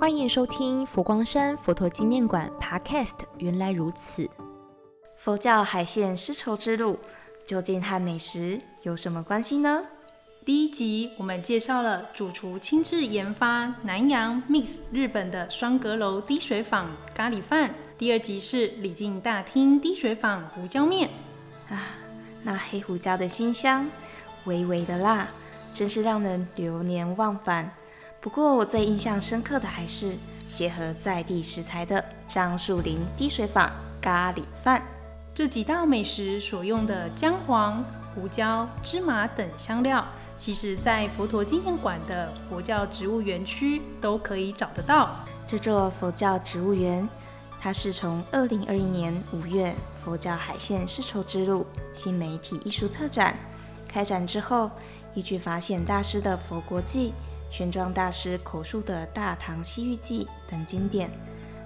歡迎收聽佛光山佛陀紀念館 Podcast《原來如此》。佛教海線絲綢之路究竟和美食有什麼關係呢？第一集我們介紹了主廚親自研發南洋 Mix 日本的雙閣樓滴水坊咖喱飯。第二集是禮敬大廳滴水坊胡椒麵。啊，那黑胡椒的辛香，微微的辣，真是讓人流連忘返。不過，我最印象深刻的還是結合在地食材的樟樹林滴水坊咖喱飯。這幾道美食所用的薑黃、胡椒、芝麻等香料，其實在佛陀紀念館的佛教植物園區都可以找得到。這座佛教植物園，它是從2021年5月佛教海線絲綢之路新媒體藝術特展開展之後，依據法顯大師的《佛國記》。玄奘大師口述的《大唐西域記》等經典，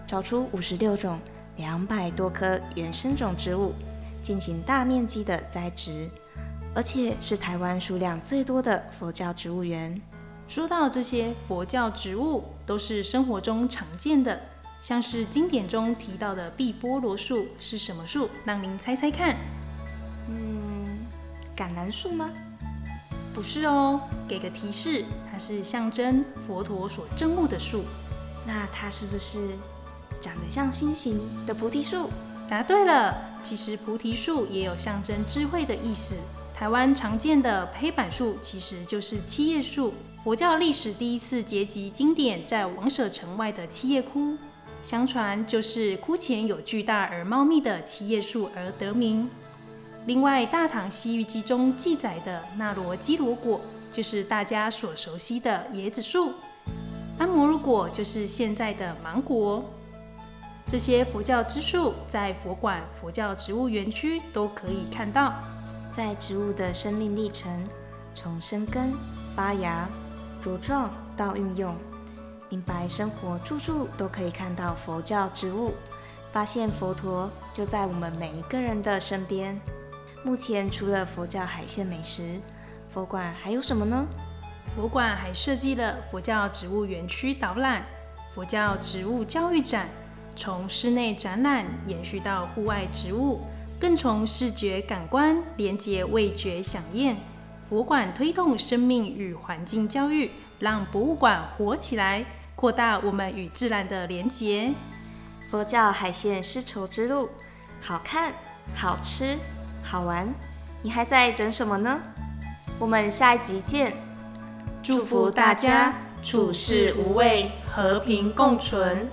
找出五十六種、兩百多棵原生種植物，進行大面積的栽植，而且是台灣數量最多的佛教植物園。說到這些佛教植物，都是生活中常見的，像是經典中提到的畢缽羅樹是什麼樹？讓您猜猜看。嗯，橄欖樹嗎？不是哦，給個提示，它是象徵佛陀所證悟的樹。那它是不是長得像心形的菩提樹？答對了。其實菩提樹也有象徵智慧的意思。台灣常見的黑板樹其實就是七葉樹。佛教歷史第一次結集經典在王舍城外的七葉窟，相傳就是窟前有巨大而茂密的七葉樹而得名。另外，《大唐西域記》中記載的那羅基羅果，就是大家所熟悉的椰子樹；安摩羅果就是現在的芒果。這些佛教之樹，在佛館佛教植物園區都可以看到。在植物的生命歷程，從生根、發芽、茁壯到運用，明白生活處處都可以看到佛教植物，發現佛陀就在我們每一個人的身邊。目前除了佛教海線美食，佛館還有什麼呢？佛館還設計了佛教植物園區導覽、佛教植物教育展，從室內展覽延續到戶外植物，更從視覺感官連接味覺饗宴。佛館推動生命與環境教育，讓博物館活起來，擴大我們與自然的連接。佛教海線絲綢之路，好看好吃，好玩，你還在等什麼呢？我們下一集見。祝福大家處事無畏，和平共存。